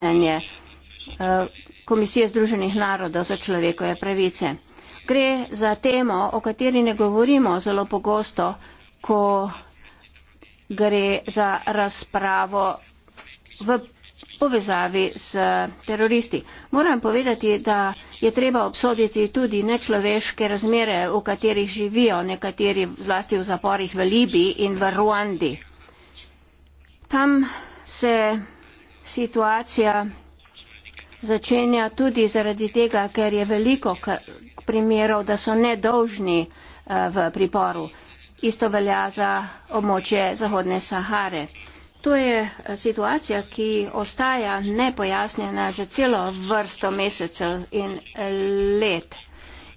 mnenje eh, Komisije Združenih narodov za človekove pravice. Gre za temo, o kateri ne govorimo zelo pogosto, ko gre za razpravo v povezavi s teroristi. Moram povedati, da je treba obsoditi tudi nečloveške razmere, v katerih živijo nekateri, zlasti v zaporih v Libiji in v Ruandi. Tam se situacija začenja tudi zaradi tega, ker je veliko primerov, da so nedolžni eh, v priporu. Isto velja za območje Zahodne Sahare. To je eh, situacija, ki ostaja nepojasnjena že celo vrsto mesecev in eh, let.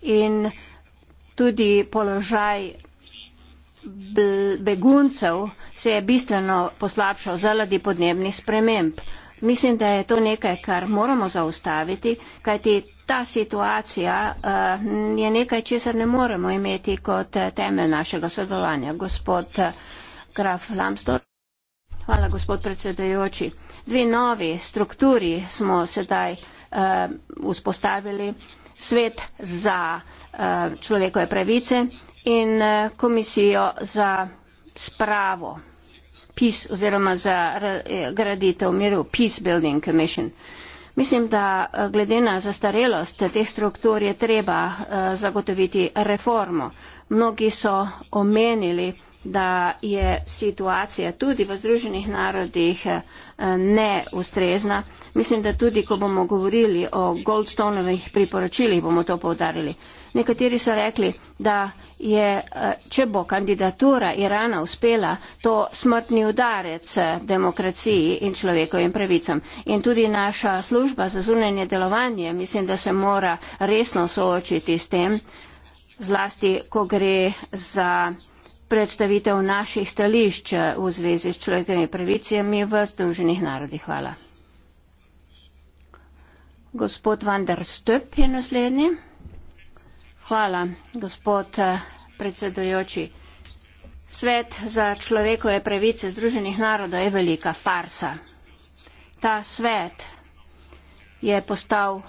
In tudi položaj beguncev se je bistveno poslabšal zaradi podnebnih sprememb. Mislim, da je to nekaj, kar moramo zaustaviti, kajti ta situacija uh, je nekaj, česar ne moremo imeti kot eh, temelj našega sodelovanja. Gospod eh, Graf Lambsdorff. Hvala, gospod predsedajoči. Dve novi strukturi smo sedaj uh, vzpostavili. Svet za uh, človekove pravice in uh, komisijo za spravo peace oziroma za eh, graditev miru, peace building commission. Mislim, da eh, glede na zastarelost teh struktur je treba eh, zagotoviti reformo. Mnogi so omenili, da je situacija tudi v Združenih narodih neustrezna. Mislim, da tudi, ko bomo govorili o Goldstonovih priporočilih, bomo to povdarili. Nekateri so rekli, da je, eh, če bo kandidatura Irana uspela, to smrtni udarec eh, demokraciji in človekovim pravicam. In tudi naša služba za zunanje delovanje, mislim, da se mora resno soočiti s tem, zlasti, ko gre za predstavitev naših stališč eh, v zvezi s človekovimi pravicami v Združenih narodih. Hvala. Gospod van der Stöp je naslednji. Hvala, gospod eh, predsedujoči. Svet za človekove pravice Združenih narodov je velika farsa. Ta svet je postal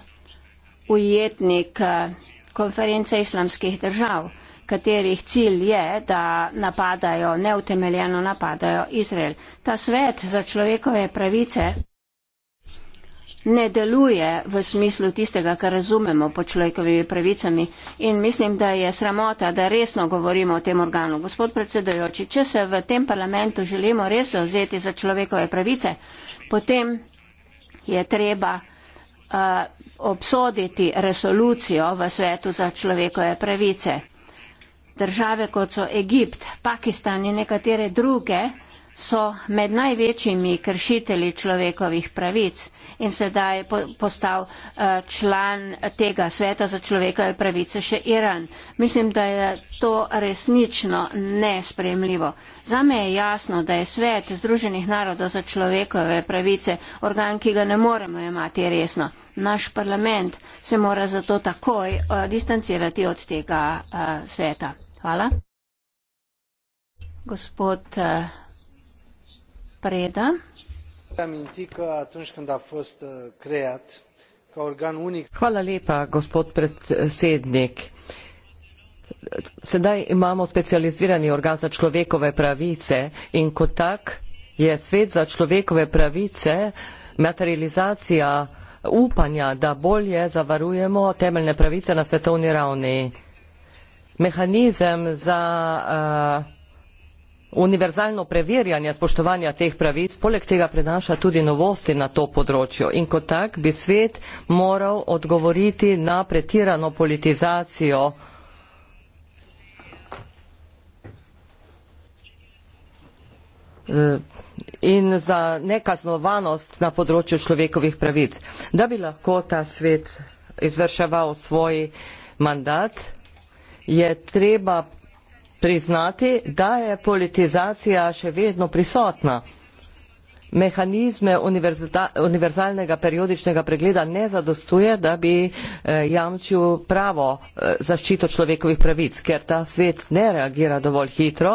ujetnik eh, konference islamskih držav, katerih cilj je, da napadajo, neutemeljeno napadajo Izrael. Ta svet za človekove pravice ne deluje v smislu tistega, kar razumemo po človekovimi pravicami. In mislim, da je sramota, da resno govorimo o tem organu. Gospod predsedojoči, če se v tem parlamentu želimo res vzeti za človekove pravice, potem je treba uh, obsoditi resolucijo v svetu za človekove pravice. Države kot so Egipt, Pakistan in nekatere druge, so med največjimi kršitelji človekovih pravic in sedaj je postal eh, član tega sveta za človekove pravice še Iran. Mislim, da je to resnično nespremljivo. Zame je jasno, da je svet Združenih narodov za človekove pravice organ, ki ga ne moremo imati resno. Naš parlament se mora zato takoj eh, distancirati od tega eh, sveta. Hvala. Gospod Uh, Hvala lepa, gospod predsednik. Sedaj imamo specializirani organ za človekove pravice in kot tak je svet za človekove pravice materializacija upanja, da bolje zavarujemo temeljne pravice na svetovni ravni. Mehanizem za uh, univerzalno preverjanje spoštovanja teh pravic poleg tega prinaša tudi novosti na to področju in kot tak bi svet moral odgovoriti na pretirano politizacijo in za nekaznovanost na področju človekovih pravic. Da bi lahko ta svet izvrševal svoj mandat, je treba priznati, da je politizacija še vedno prisotna. Mehanizme univerzalnega periodičnega pregleda ne zadostuje, da bi eh, jamčil pravo eh, zaščito človekovih pravic, ker ta svet ne reagira dovolj hitro.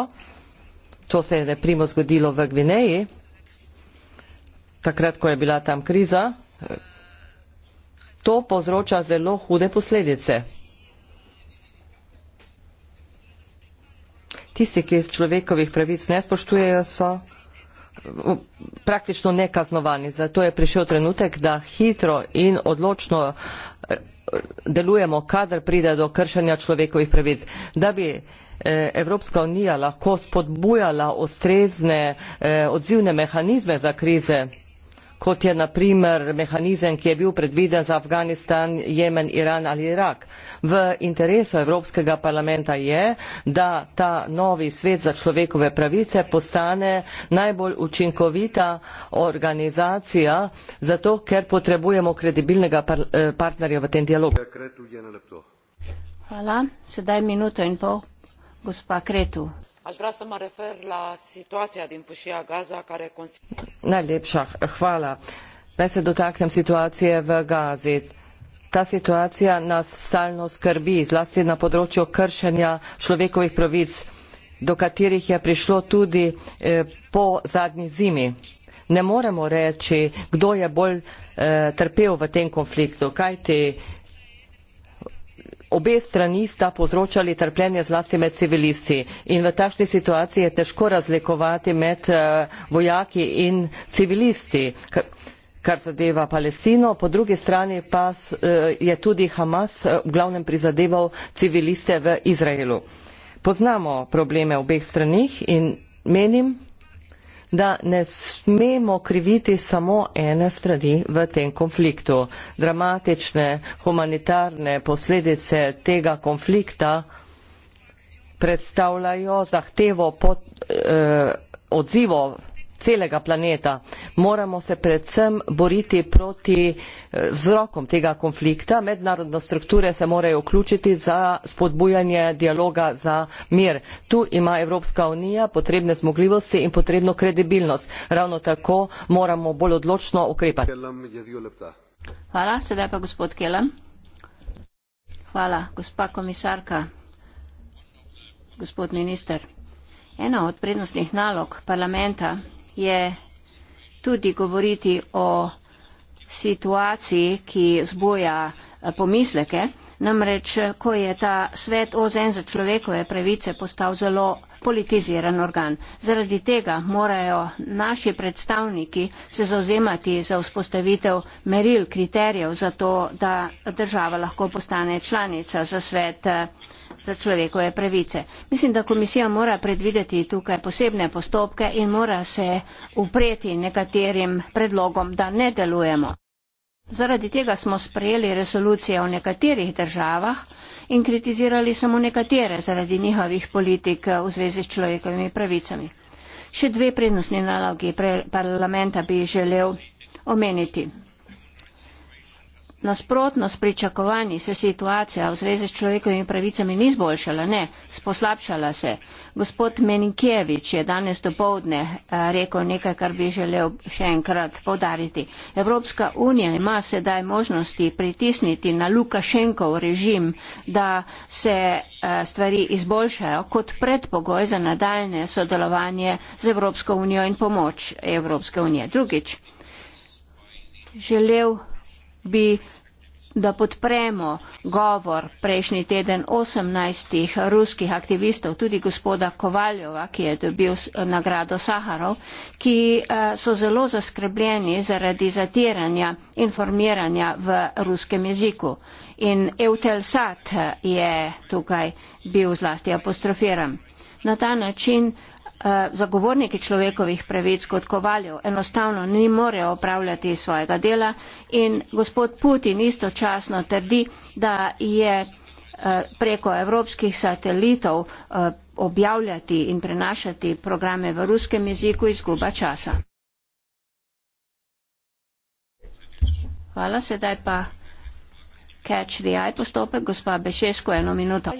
To se je ne primo zgodilo v Gvineji, takrat, ko je bila tam kriza. To povzroča zelo hude posledice. tisti, ki človekovih pravic ne spoštujejo, so praktično nekaznovani. Zato je prišel trenutek, da hitro in odločno eh, delujemo, kadar pride do kršenja človekovih pravic. Da bi eh, Evropska unija lahko spodbujala ustrezne eh, odzivne mehanizme za krize, kot je naprimer mehanizem, ki je bil predviden za Afganistan, Jemen, Iran ali Irak. V interesu Evropskega parlamenta je, da ta novi svet za človekove pravice postane najbolj učinkovita organizacija, zato ker potrebujemo kredibilnega par eh, partnerja v tem dialogu. Hvala, sedaj minuto in pol, gospa Kretu aș vrea să mă refer la situația din fâșia gaza care constituie Ta situacija nas stalno skrbi, zlasti na področju kršenja človekovih pravic, do katerih je prišlo tudi eh, po zadnji zimi. Ne moremo reči, kdo je bolj eh, trpel v tem konfliktu, kajti obe strani sta povzročali trpljenje zlasti med civilisti in v takšni situaciji je težko razlikovati med eh, vojaki in civilisti kar zadeva Palestino, po drugi strani pa eh, je tudi Hamas eh, v glavnem prizadeval civiliste v Izraelu. Poznamo probleme obeh stranih in menim, da ne smemo kriviti samo ene strani v tem konfliktu. Dramatične humanitarne posledice tega konflikta predstavljajo zahtevo pod, eh, odzivo celega planeta. Moramo se predvsem boriti proti eh, vzrokom tega konflikta. Mednarodne strukture se morajo vključiti za spodbujanje dialoga za mir. Tu ima Evropska unija potrebne zmogljivosti in potrebno kredibilnost. Ravno tako moramo bolj odločno ukrepati. Hvala, sedaj pa gospod Kelem. Hvala, gospa komisarka, gospod minister. Ena od prednostnih nalog parlamenta je tudi govoriti o situaciji, ki zboja eh, pomisleke. Namreč, ko je ta svet OZN za človekove pravice postal zelo politiziran organ. Zaradi tega morajo naši predstavniki se zauzemati za vzpostavitev meril, kriterijev za to, da država lahko postane članica za svet za človekove pravice. Mislim, da komisija mora predvideti tukaj posebne postopke in mora se upreti nekaterim predlogom, da ne delujemo. Zaradi tega smo sprejeli resolucije o nekaterih državah in kritizirali samo nekatere zaradi njihovih politik v zvezi s človekovimi pravicami. Še dve prednostni nalogi parlamenta bi želel omeniti. Nasprotno s pričakovanji se situacija v zvezi s človekovimi pravicami ni zboljšala, ne, poslabšala se. Gospod Meninkjevič je danes do povdne eh, rekel nekaj, kar bi želel še enkrat povdariti. Evropska unija ima sedaj možnosti pritisniti na Lukašenkov režim, da se eh, stvari izboljšajo kot predpogoj za nadaljne sodelovanje z Evropsko unijo in pomoč Evropske unije. Drugič, želel bi da podpremo govor prejšnji teden 18 ruskih aktivistov, tudi gospoda Kovaljova, ki je dobil nagrado Saharov, ki eh, so zelo zaskrbljeni zaradi zatiranja informiranja v ruskem jeziku. In Eutelsat eh, je tukaj bil zlasti apostrofiran. Na ta način Eh, zagovorniki človekovih pravic kot kovaljev enostavno ne morejo opravljati svojega dela in gospod Putin istočasno trdi, da je eh, preko evropskih satelitov eh, objavljati in prenašati programe v ruskem jeziku izguba časa. Hvala, sedaj pa catch the eye postopek, gospa Bešesko, eno minuto.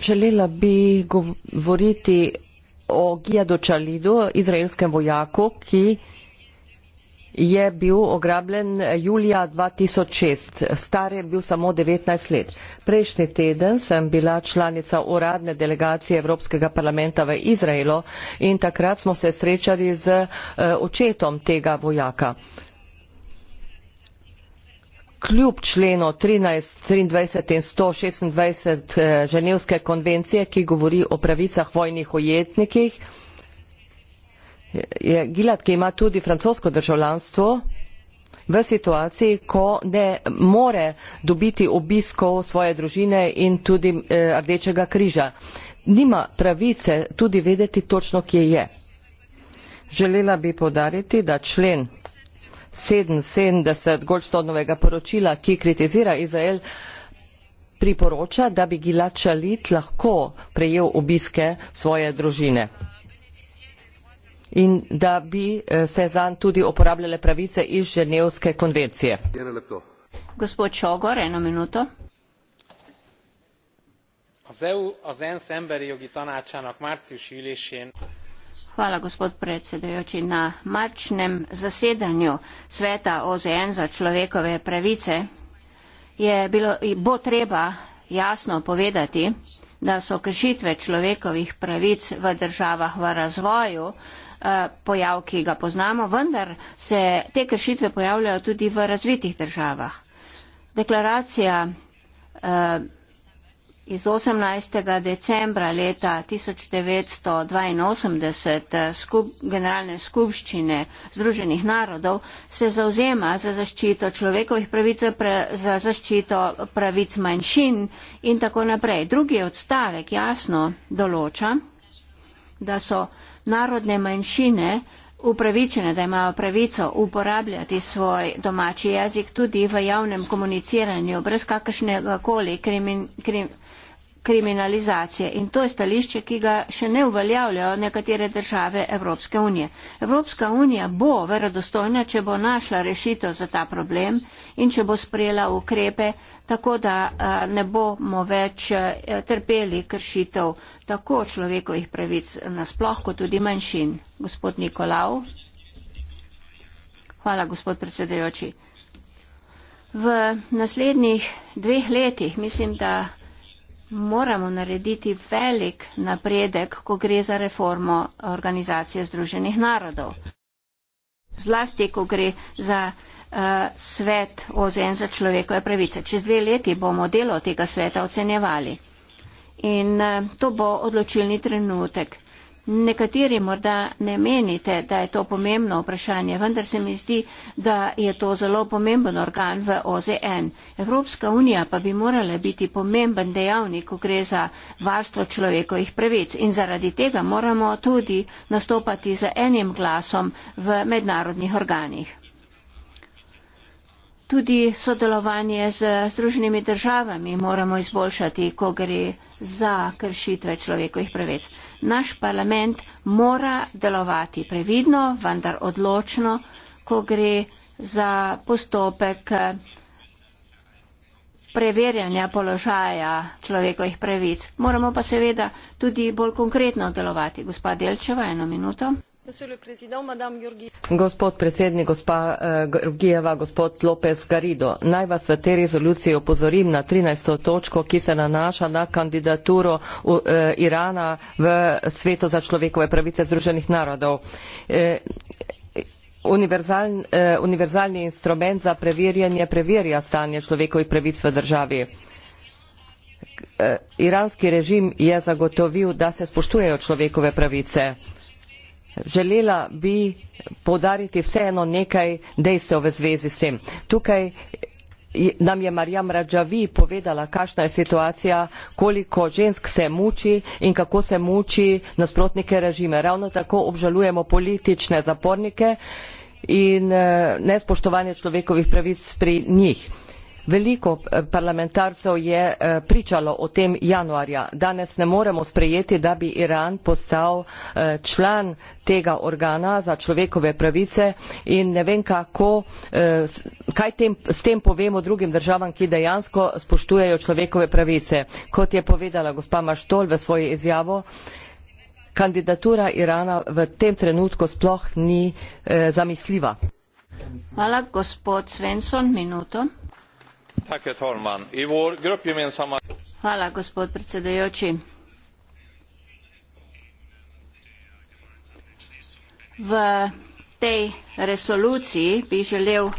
Želela bi govoriti o Gijadu Čalidu, izraelskem vojaku, ki je bil ograbljen julija 2006. Star je bil samo 19 let. Prejšnji teden sem bila članica uradne delegacije Evropskega parlamenta v Izraelu in takrat smo se srečali z eh, očetom tega vojaka kljub členu 13, 23 in 126 eh, Ženevske konvencije, ki govori o pravicah vojnih ujetnikih. Je Gilad, ki ima tudi francosko državljanstvo, v situaciji, ko ne more dobiti obiskov svoje družine in tudi eh, Rdečega križa. Nima pravice tudi vedeti točno, kje je. Želela bi podariti, da člen sedeminsedemdeset goldstonovega poročila ki kritizira izrael priporoča da bi gilad šalit lahko prejel obiske svoje družine in da bi eh, se zanj tudi uporabljale pravice iz ženevske konvencije gospod čogor eno minuto az eu az ensz emberi jogi tanácsának márciusi ülésén. Hvala, gospod predsedujoči. Na marčnem zasedanju sveta OZN za človekove pravice je bilo, bo treba jasno povedati, da so kršitve človekovih pravic v državah v razvoju eh, pojav, ki ga poznamo, vendar se te kršitve pojavljajo tudi v razvitih državah. Deklaracija eh, iz 18. decembra leta 1982 eh, skup, Generalne skupščine Združenih narodov se zauzema za zaščito človekovih pravic, pre, za zaščito pravic manjšin in tako naprej. Drugi odstavek jasno določa, da so narodne manjšine upravičene, da imajo pravico uporabljati svoj domači jezik tudi v javnem komuniciranju brez kakršnega koli krimin, krim, kriminalizacije. In to je stališče, ki ga še ne uveljavljajo nekatere države Evropske unije. Evropska unija bo verodostojna, če bo našla rešitev za ta problem in če bo sprejela ukrepe, tako da ne bomo več trpeli kršitev tako človekovih pravic nasploh, kot tudi manjšin. Gospod Nikolav. Hvala, gospod predsedajoči. V naslednjih dveh letih mislim, da moramo narediti velik napredek, ko gre za reformo Organizacije združenih narodov. Zlasti, ko gre za uh, svet OZN za človekove pravice. Čez dve leti bomo delo tega sveta ocenjevali. In uh, to bo odločilni trenutek. Nekateri morda ne menite, da je to pomembno vprašanje, vendar se mi zdi, da je to zelo pomemben organ v OZN. Evropska unija pa bi morala biti pomemben dejavnik, ko gre za varstvo človekovih pravic in zaradi tega moramo tudi nastopati z enim glasom v mednarodnih organih. Tudi sodelovanje z Združenimi državami moramo izboljšati, ko gre za kršitve človekovih pravic. Naš parlament mora delovati previdno, vendar odločno, ko gre za postopek preverjanja položaja človekovih pravic. Moramo pa seveda tudi bolj konkretno delovati. Gospa Delčeva, eno minuto. Gospod predsednik, gospa eh, Georgijeva, gospod López Garido, naj vas v tej rezoluciji opozorim na 13. točko, ki se nanaša na kandidaturo eh, Irana v svetu za človekove pravice Združenih narodov. Eh, univerzal, univerzalni instrument za preverjanje preverja stanje človekovih pravic v državi. Iranski režim je zagotovil, da se spoštujejo človekove pravice. Želela bi podariti vseeno nekaj dejstev v zvezi s tem. Tukaj nam je Marjam Rađavi povedala, kakšna je situacija, koliko žensk se muči in kako se muči nasprotnike režime. Ravno tako obžalujemo politične zapornike in eh, nespoštovanje človekovih pravic pri njih. Veliko eh, parlamentarcev je eh, pričalo o tem januarja. Danes ne moremo sprejeti, da bi Iran postal eh, član tega organa za človekove pravice in ne vem kako, kaj tem, s tem povemo drugim državam, ki dejansko spoštujejo človekove pravice. Kot je povedala gospa Maštol v svoji izjavo, kandidatura Irana v tem trenutku sploh ni zamisljiva. Hvala, gospod Svensson, minuto v tej resoluciji bi želel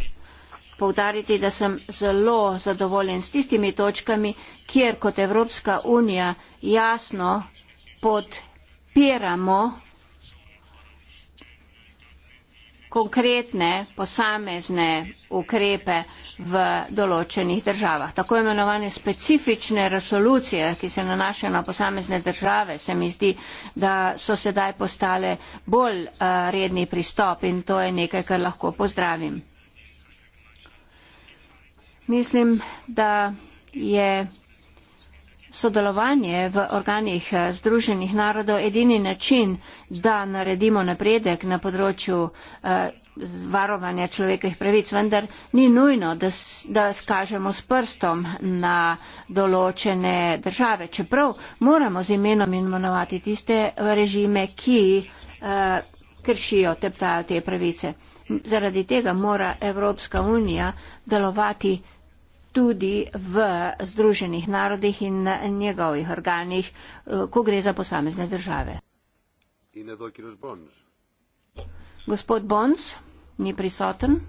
poudariti da sem zelo zadovoljen s tistimi točkami kjer kot evropska unija jasno podpiramo konkretne posamezne ukrepe v določenih državah. Tako imenovane specifične resolucije, ki se nanašajo na posamezne države, se mi zdi, da so sedaj postale bolj uh, redni pristop in to je nekaj, kar lahko pozdravim. Mislim, da je sodelovanje v organih eh, Združenih narodov edini način, da naredimo napredek na področju uh, varovanja človekovih pravic, vendar ni nujno, da, da skažemo s prstom na določene države. Čeprav moramo z imenom imenovati tiste režime, ki uh, kršijo, teptajo te pravice. Zaradi tega mora Evropska unija delovati tudi v Združenih narodih in njegovih organih, eh, ko gre za posamezne države. In edo, kiroš Bonž. Gospod Bons ni prisoten.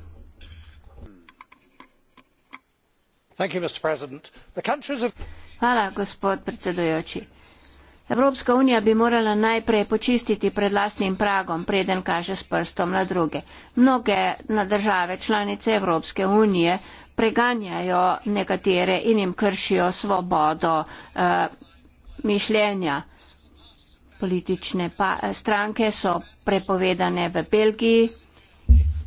Hvala, gospod predsedujoči. Evropska unija bi morala najprej počistiti pred lastnim pragom, preden kaže s prstom na druge. Mnoge na države članice Evropske unije preganjajo nekatere in jim kršijo svobodo uh, mišljenja. Uh, politične pa, eh, stranke so prepovedane v Belgiji,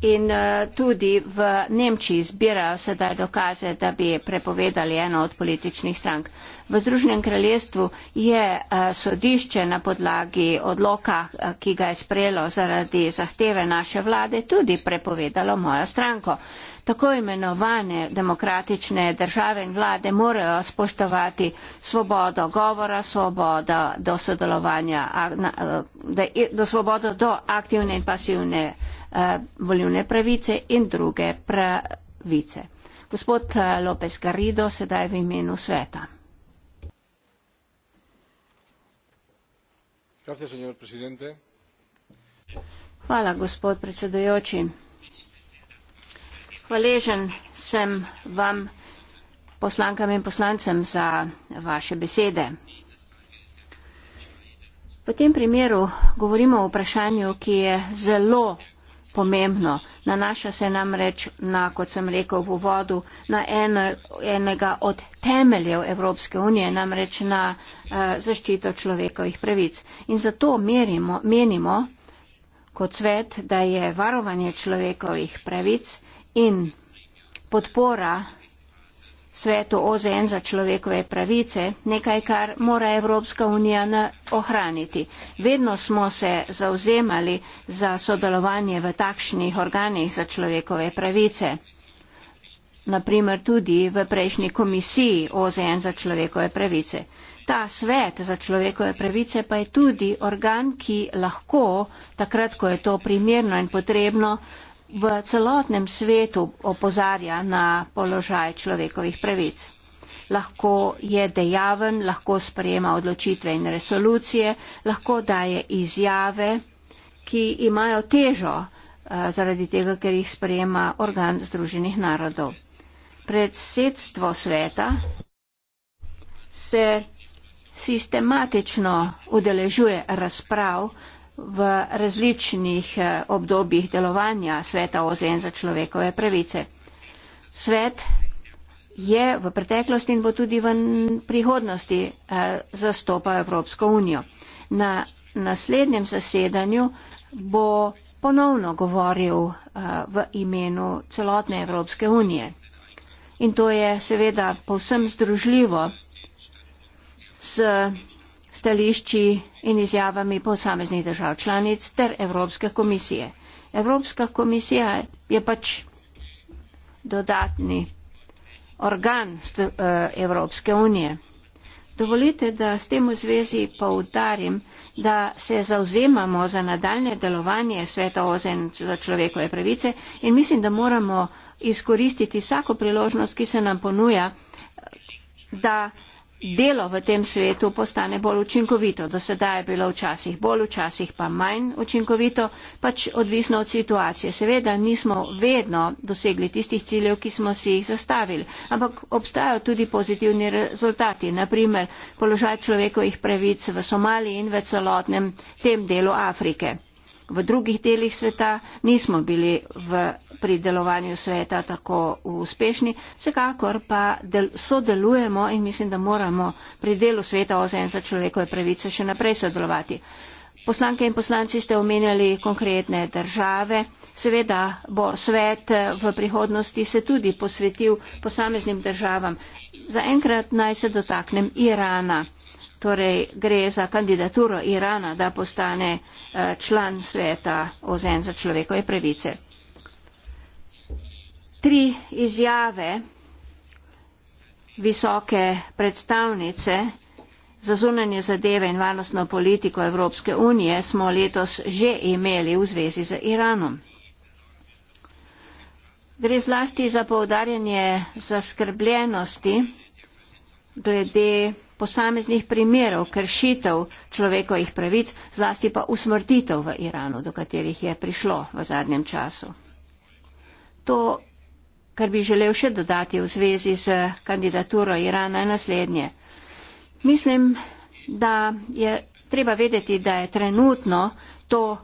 In uh, tudi v Nemčiji zbirajo sedaj dokaze, da bi prepovedali eno od političnih strank. V Združenem kraljestvu je uh, sodišče na podlagi odloka, uh, ki ga je sprejelo zaradi zahteve naše vlade, tudi prepovedalo mojo stranko. Tako imenovane demokratične države in vlade morajo spoštovati svobodo govora, svobodo do sodelovanja, na, da, do svobodo do aktivne in pasivne eh, volilne pravice in druge pravice. Gospod eh, Lopes Garrido, sedaj v imenu sveta. Hvala, gospod predsedujoči. Hvaležen sem vam, poslankam in poslancem, za vaše besede. V tem primeru govorimo o vprašanju, ki je zelo pomembno. Nanaša se namreč na, kot sem rekel v uvodu, na ene, enega od temeljev Evropske unije, namreč na uh, zaščito človekovih pravic. In zato merimo, menimo kot svet, da je varovanje človekovih pravic in podpora svetu OZN za človekove pravice, nekaj, kar mora Evropska unija ohraniti. Vedno smo se zauzemali za sodelovanje v takšnih organih za človekove pravice. Naprimer tudi v prejšnji komisiji OZN za človekove pravice. Ta svet za človekove pravice pa je tudi organ, ki lahko, takrat, ko je to primerno in potrebno, v celotnem svetu opozarja na položaj človekovih pravic. Lahko je dejaven, lahko sprejema odločitve in resolucije, lahko daje izjave, ki imajo težo eh, zaradi tega, ker jih sprejema organ Združenih narodov. Predsedstvo sveta se sistematično udeležuje razprav v različnih eh, obdobjih delovanja sveta OZN za človekove pravice. Svet je v preteklosti in bo tudi v prihodnosti eh, zastopal Evropsko unijo. Na naslednjem zasedanju bo ponovno govoril eh, v imenu celotne Evropske unije. In to je seveda povsem združljivo z stališči in izjavami posameznih držav članic ter Evropske komisije. Evropska komisija je pač dodatni organ eh, Evropske unije. Dovolite, da s tem v zvezi poudarim, da se zauzemamo za nadaljne delovanje Sveta OZN za človekove pravice in mislim, da moramo izkoristiti vsako priložnost, ki se nam ponuja, da delo v tem svetu postane bolj učinkovito. Do sedaj je bilo včasih bolj, včasih pa manj učinkovito, pač odvisno od situacije. Seveda nismo vedno dosegli tistih ciljev, ki smo si jih zastavili, ampak obstajajo tudi pozitivni rezultati. Naprimer, položaj človekovih pravic v Somaliji in v celotnem tem delu Afrike v drugih delih sveta, nismo bili v pridelovanju sveta tako uspešni, vsekakor pa del, sodelujemo in mislim, da moramo pri delu sveta OZN za človekove pravice še naprej sodelovati. Poslanke in poslanci ste omenjali konkretne države. Seveda bo svet eh, v prihodnosti se tudi posvetil posameznim državam. Zaenkrat naj se dotaknem Irana torej gre za kandidaturo Irana, da postane eh, član sveta OZN za človekove pravice. Tri izjave visoke predstavnice za zunanje zadeve in varnostno politiko Evropske unije smo letos že imeli v zvezi z Iranom. Gre zlasti za povdarjanje zaskrbljenosti glede posameznih primerov kršitev človekovih pravic, zlasti pa usmrtitev v Iranu, do katerih je prišlo v zadnjem času. To, kar bi želel še dodati v zvezi z kandidaturo Irana, je naslednje. Mislim, da je treba vedeti, da je trenutno to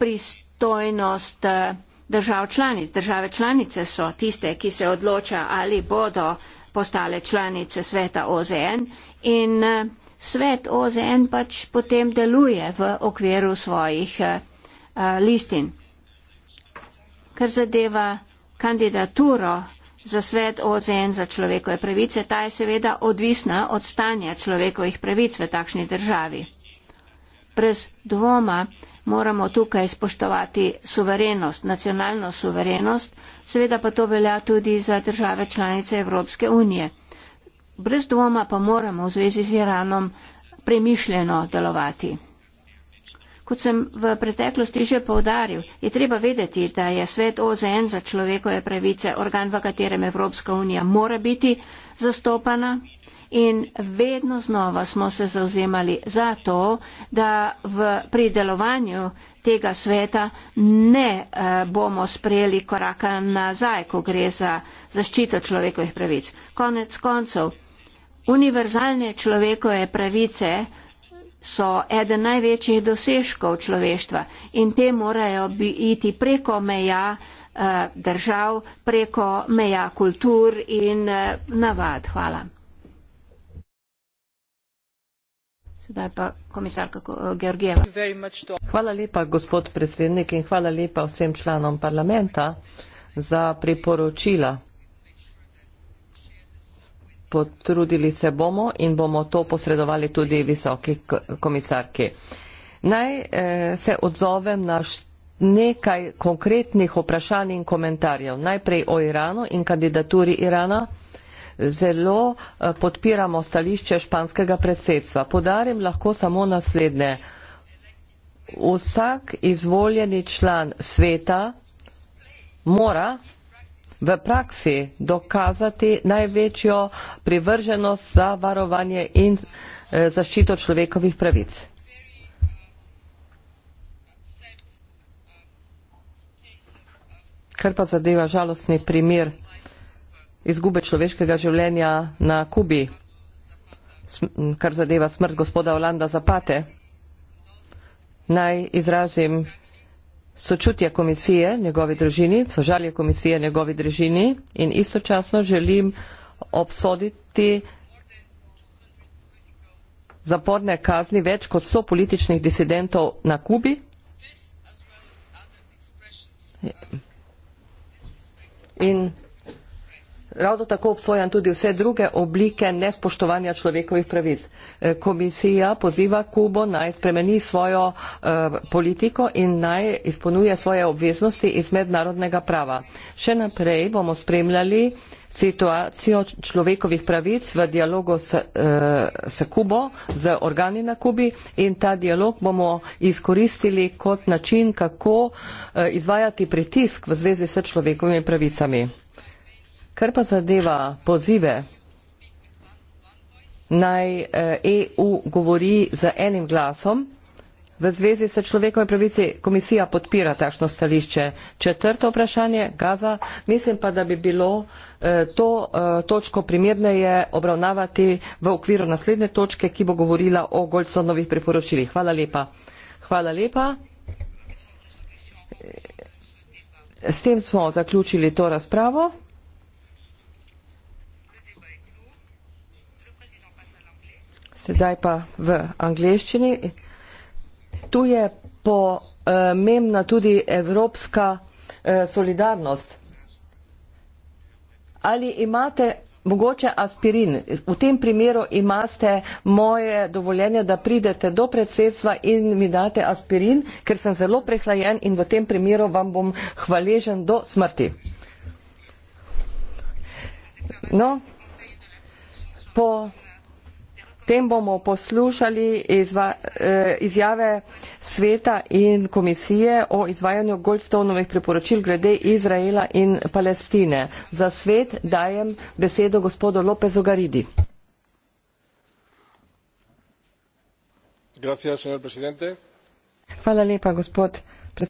pristojnost eh, držav članic. Države članice so tiste, ki se odloča, ali bodo postale članice sveta OZN in eh, svet OZN pač potem deluje v okviru svojih eh, eh, listin. Kar zadeva kandidaturo za svet OZN za človekove pravice, ta je seveda odvisna od stanja človekovih pravic v takšni državi. Brez dvoma moramo tukaj spoštovati suverenost, nacionalno suverenost, seveda pa to velja tudi za države članice Evropske unije. Brez dvoma pa moramo v zvezi z Iranom premišljeno delovati. Kot sem v preteklosti že povdaril, je treba vedeti, da je svet OZN za človekove pravice organ, v katerem Evropska unija mora biti zastopana in vedno znova smo se zauzemali za to, da v pridelovanju tega sveta ne eh, bomo sprejeli koraka nazaj, ko gre za zaščito človekovih pravic. Konec koncev, univerzalne človekove pravice so eden največjih dosežkov človeštva in te morajo biti preko meja eh, držav, preko meja kultur in eh, navad. Hvala. Sedaj pa komisarka eh, Georgieva. Hvala lepa, gospod predsednik, in hvala lepa vsem članom parlamenta za priporočila. Potrudili se bomo in bomo to posredovali tudi visoki komisarki. Naj eh, se odzovem na nekaj konkretnih vprašanj in komentarjev. Najprej o Iranu in kandidaturi Irana zelo eh, podpiramo stališče španskega predsedstva. Podarim lahko samo naslednje. Vsak izvoljeni član sveta mora v praksi dokazati največjo privrženost za varovanje in eh, zaščito človekovih pravic. Kar pa zadeva žalostni primer izgube človeškega življenja na Kubi, kar zadeva smrt gospoda Olanda Zapate. Naj izrazim sočutje komisije njegovi družini, sožalje komisije njegovi družini in istočasno želim obsoditi zaporne kazni več kot so političnih disidentov na Kubi. In ravno tako obsojam tudi vse druge oblike nespoštovanja človekovih pravic. E, komisija poziva Kubo naj spremeni svojo e, politiko in naj izpolnjuje svoje obveznosti iz mednarodnega prava. Še naprej bomo spremljali situacijo človekovih pravic v dialogu s, e, s Kubo, z organi na Kubi in ta dialog bomo izkoristili kot način, kako izvajati pritisk v zvezi s človekovimi pravicami. Kar pa zadeva pozive, naj EU eh, e govori z enim glasom, v zvezi s človekovimi pravici komisija podpira takšno stališče. Četrto vprašanje, Gaza, mislim pa, da bi bilo eh, to eh, točko primerneje obravnavati v okviru naslednje točke, ki bo govorila o Goldstonovih priporočilih. Hvala lepa. Hvala lepa. S tem smo zaključili to razpravo. Sedaj pa v angleščini. Tu je pomembna tudi evropska eh, solidarnost. Ali imate mogoče aspirin? V tem primeru imate moje dovoljenje, da pridete do predsedstva in mi date aspirin, ker sem zelo prehlajen in v tem primeru vam bom hvaležen do smrti. No, po tem bomo poslušali izva, eh, izjave sveta in komisije o izvajanju Goldstonovih priporočil glede Izraela in Palestine. Za svet dajem besedo gospodu Lopezu Garidi. Gracias, Hvala lepa, gospod